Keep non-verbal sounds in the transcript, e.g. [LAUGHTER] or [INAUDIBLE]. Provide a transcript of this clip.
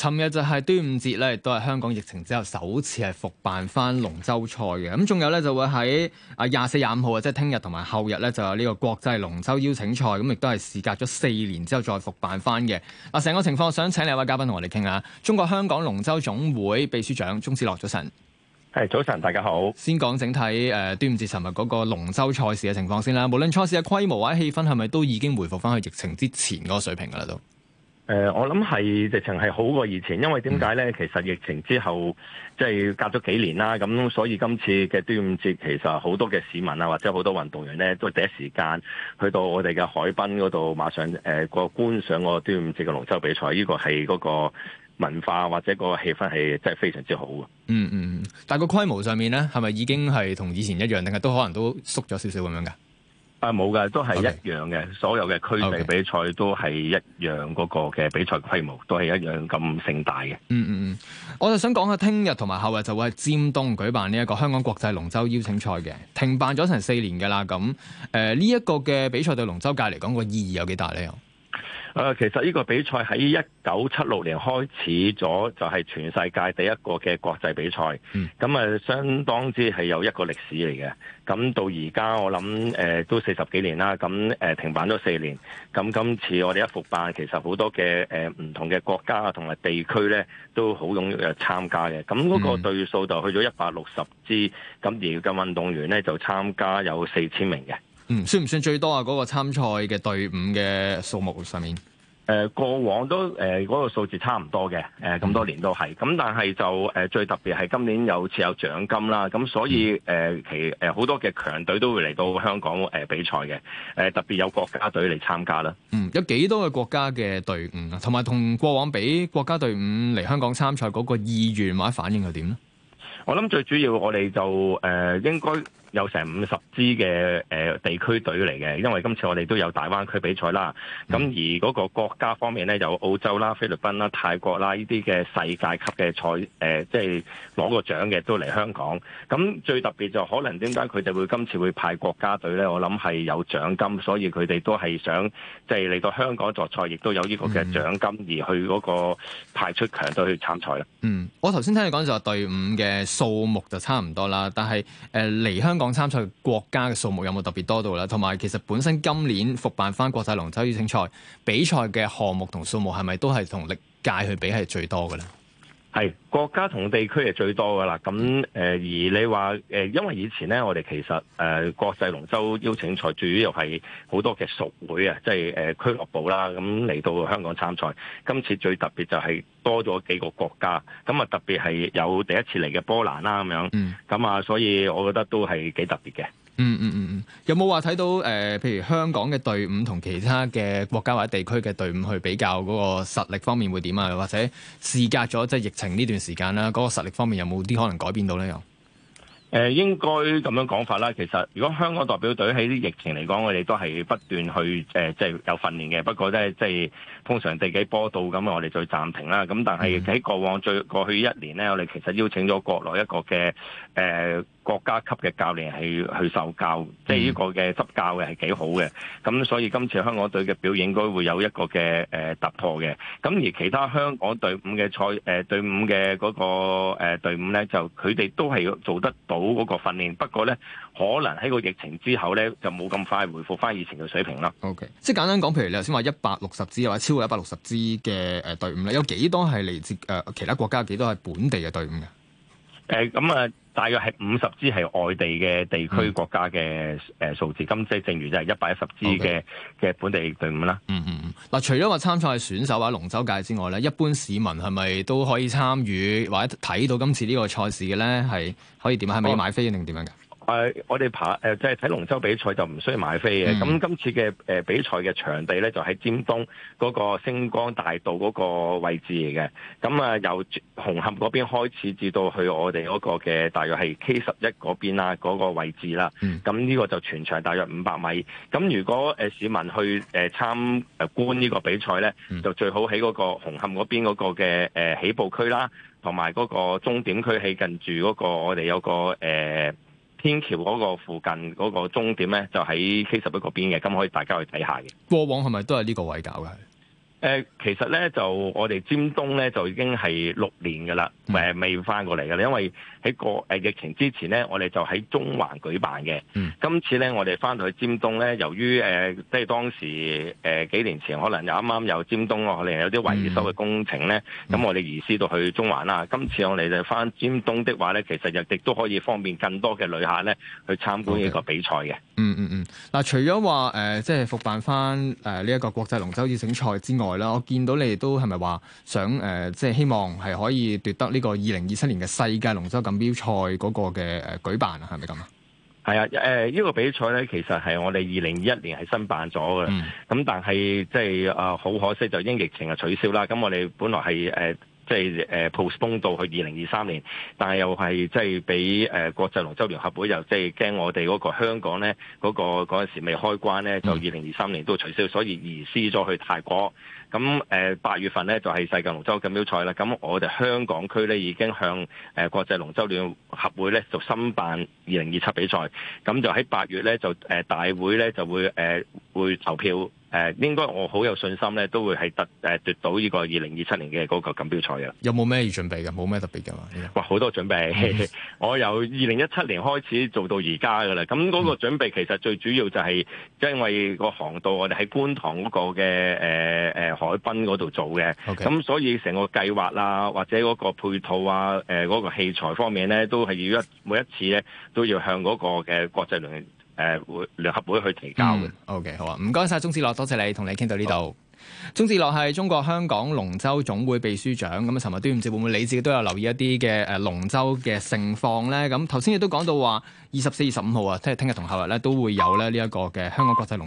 尋日就係端午節咧，亦都係香港疫情之後首次係復辦翻龍舟賽嘅。咁仲有咧，就會喺啊廿四廿五號啊，即係聽日同埋後日咧，就，是、就有呢個國際龍舟邀請賽。咁亦都係事隔咗四年之後再復辦翻嘅。啊，成個情況我想請兩位嘉賓同我哋傾下。中國香港龍舟總會秘書長鍾志樂，早晨。係，早晨，大家好。先講整體誒端午節尋日嗰個龍舟賽事嘅情況先啦。無論賽事嘅規模或者氣氛，係咪都已經回復翻去疫情之前嗰個水平噶啦都？誒、呃，我諗係直情係好過以前，因為點解咧？其實疫情之後，即、就、係、是、隔咗幾年啦，咁所以今次嘅端午節其實好多嘅市民啊，或者好多運動員咧，都第一時間去到我哋嘅海濱嗰度，馬上誒個、呃、觀賞個端午節嘅龍舟比賽。呢、這個係嗰個文化或者嗰個氣氛係真係非常之好嘅。嗯嗯，但係個規模上面咧，係咪已經係同以前一樣，定係都可能都縮咗少少咁樣㗎？啊冇噶，都係一樣嘅，okay. 所有嘅區域比賽都係一樣嗰個嘅比賽規模，都係一樣咁盛大嘅。嗯嗯嗯，我就想講下聽日同埋後日就會喺尖東舉辦呢一個香港國際龍舟邀請賽嘅，停辦咗成四年㗎喇。咁誒呢一個嘅比賽對龍舟界嚟講個意義有幾大咧？啊，其實呢個比賽喺一九七六年開始咗，就係全世界第一個嘅國際比賽。咁、嗯、啊、嗯，相當之係有一個歷史嚟嘅。咁到而家我諗，誒、呃、都四十幾年啦。咁、呃、停辦咗四年。咁今次我哋一復辦，其實好多嘅誒唔同嘅國家同埋地區咧，都好踴躍參加嘅。咁嗰個隊數就去咗一百六十支。咁而家運動員咧就參加有四千名嘅。嗯，算唔算最多啊？嗰、那個參賽嘅隊伍嘅數目上面，誒過往都誒嗰、呃、那個數字差唔多嘅，誒、呃、咁、嗯、多年都係，咁但係就誒、呃、最特別係今年有設有獎金啦，咁所以誒、呃、其誒好、呃、多嘅強隊都會嚟到香港誒、呃、比賽嘅，誒、呃、特別有國家隊嚟參加啦。嗯，有幾多個國家嘅隊伍啊？同埋同過往比，國家隊伍嚟香港參賽嗰個意願或者反應又點呢？我諗最主要我哋就誒、呃、應該。有成五十支嘅誒地區隊嚟嘅，因為今次我哋都有大灣區比賽啦。咁、嗯、而嗰個國家方面咧，有澳洲啦、菲律賓啦、泰國啦呢啲嘅世界級嘅賽，誒即係攞個獎嘅都嚟香港。咁最特別就可能點解佢哋會今次會派國家隊咧？我諗係有獎金，所以佢哋都係想即係嚟到香港作賽，亦都有呢個嘅獎金而去嗰個派出強隊去參賽啦。嗯，我頭先聽你講就話隊伍嘅數目就差唔多啦，但係誒嚟香。香港參賽國家嘅數目有冇特別多到啦？同埋其實本身今年復辦翻國際龍舟邀請賽，比賽嘅項目同數目係咪都係同歷屆去比係最多嘅咧？係國家同地區係最多噶啦，咁誒、呃、而你話誒、呃，因為以前咧，我哋其實誒、呃、國際龍舟邀請賽主要係好多嘅屬會啊，即係誒俱樂部啦，咁嚟到香港參賽。今次最特別就係多咗幾個國家，咁啊特別係有第一次嚟嘅波蘭啦咁樣，咁啊所以我覺得都係幾特別嘅。嗯嗯嗯嗯，有冇話睇到誒、呃，譬如香港嘅隊伍同其他嘅國家或者地區嘅隊伍去比較嗰個實力方面會點啊？或者事隔咗即係疫情呢段時間啦，嗰、那個實力方面有冇啲可能改變到呢？又、呃、誒，應該咁樣講法啦。其實如果香港代表隊喺啲疫情嚟講，我哋都係不斷去誒，即、呃、係、就是、有訓練嘅。不過咧，即、就、係、是、通常地幾波到咁，我哋就暫停啦。咁但係喺過往最過去一年呢、嗯，我哋其實邀請咗國內一個嘅誒，呃國家級嘅教練係去受教，即係呢個嘅執教嘅係幾好嘅。咁所以今次香港隊嘅表現應該會有一個嘅誒突破嘅。咁而其他香港隊伍嘅賽誒、呃、隊伍嘅嗰、嗰個誒、呃、隊伍呢，就佢哋都係做得到嗰個訓練，不過呢，可能喺個疫情之後呢，就冇咁快回復翻以前嘅水平啦。OK，即係簡單講，譬如你頭先話一百六十支，或者超過一百六十支嘅誒隊伍咧，有幾多係嚟自誒、呃、其他國家？有幾多係本地嘅隊伍嘅？誒咁啊！嗯呃大約係五十支係外地嘅地區國家嘅誒數字，咁即係正如即係一百一十支嘅嘅本地隊伍啦。嗯嗯嗯。嗱，除咗話參賽嘅選手或者龍舟界之外咧，一般市民係咪都可以參與或者睇到今次呢個賽事嘅咧？係可以點啊？係咪要買飛定點樣㗎？誒、啊，我哋爬誒，即係睇龍舟比賽就唔需要買飛嘅。咁、嗯、今次嘅誒、呃、比賽嘅場地咧，就喺尖東嗰個星光大道嗰個位置嚟嘅。咁啊，由紅磡嗰邊開始至到去我哋嗰個嘅，大約係 K11 嗰邊啦、啊，嗰、嗰個位置啦。咁、嗯、呢個就全場大約五百米。咁如果、呃、市民去誒、呃、參觀呢個比賽咧、嗯，就最好喺嗰個紅磡嗰邊嗰個嘅、呃、起步區啦，同埋嗰個終點區喺近住嗰個我哋有個誒。呃天橋嗰個附近嗰個終點咧，就喺 K11 嗰邊嘅，咁可以大家去睇下嘅。過往係咪都係呢個位搞嘅？誒、呃，其實咧就我哋尖東咧就已經係六年噶啦，誒未翻過嚟噶啦，因為喺個誒、呃、疫情之前咧，我哋就喺中環舉辦嘅。嗯，今次咧我哋翻到去尖東咧，由於誒、呃、即係當時誒、呃、幾年前可能又啱啱有尖東，可能有啲維修嘅工程咧，咁、嗯嗯、我哋移師到去中環啦。今次我哋就翻尖東的話咧，其實亦亦都可以方便更多嘅旅客咧去參觀呢個比賽嘅。嗯嗯嗯，嗱、嗯呃，除咗話誒即係復辦翻誒呢一個國際龍舟邀請賽之外。我見到你哋都係咪話想誒，即、呃、係、就是、希望係可以奪得呢個二零二七年嘅世界龍舟錦標賽嗰個嘅誒舉辦，係咪咁啊？係、呃、啊，誒、這、呢個比賽呢，其實係我哋二零二一年係申辦咗嘅，咁、嗯、但係即係啊好可惜，就因疫情啊取消啦。咁我哋本來係誒。呃即係誒、uh, postpone 到去二零二三年，但係又係即係俾誒國際龍舟聯合會又即係驚我哋嗰個香港咧嗰、那個嗰陣時未開關咧，就二零二三年都取消，所以移師咗去泰國。咁誒八月份咧就係、是、世界龍舟錦標賽啦。咁我哋香港區咧已經向誒、uh, 國際龍舟聯合會咧就申辦二零二七比賽。咁就喺八月咧就誒、uh, 大會咧就會誒、uh, 會投票。誒應該我好有信心咧，都會係得誒奪到呢個二零二七年嘅嗰個錦標賽嘅。有冇咩要準備嘅？冇咩特別嘅嘛？哇！好多準備， [LAUGHS] 我由二零一七年開始做到而家嘅啦。咁嗰個準備其實最主要就係，因為個航道我哋喺觀塘嗰個嘅誒誒海濱嗰度做嘅。咁、okay. 所以成個計劃啦、啊，或者嗰個配套啊，誒、呃、嗰、嗰個器材方面咧，都係要一每一次咧都要向嗰個嘅國際聯誒。誒、呃、會聯合會去提交嘅、嗯。OK，好啊，唔該晒。鍾志樂，多謝你，你，同你傾到呢度。鍾志樂係中國香港龍舟總會秘書長，咁啊，尋日端午節會唔會你自己都有留意一啲嘅誒龍舟嘅盛況咧？咁頭先亦都講到話，二十四、二十五號啊，聽日、聽日同後日咧都會有咧呢一個嘅香港國際龍舟。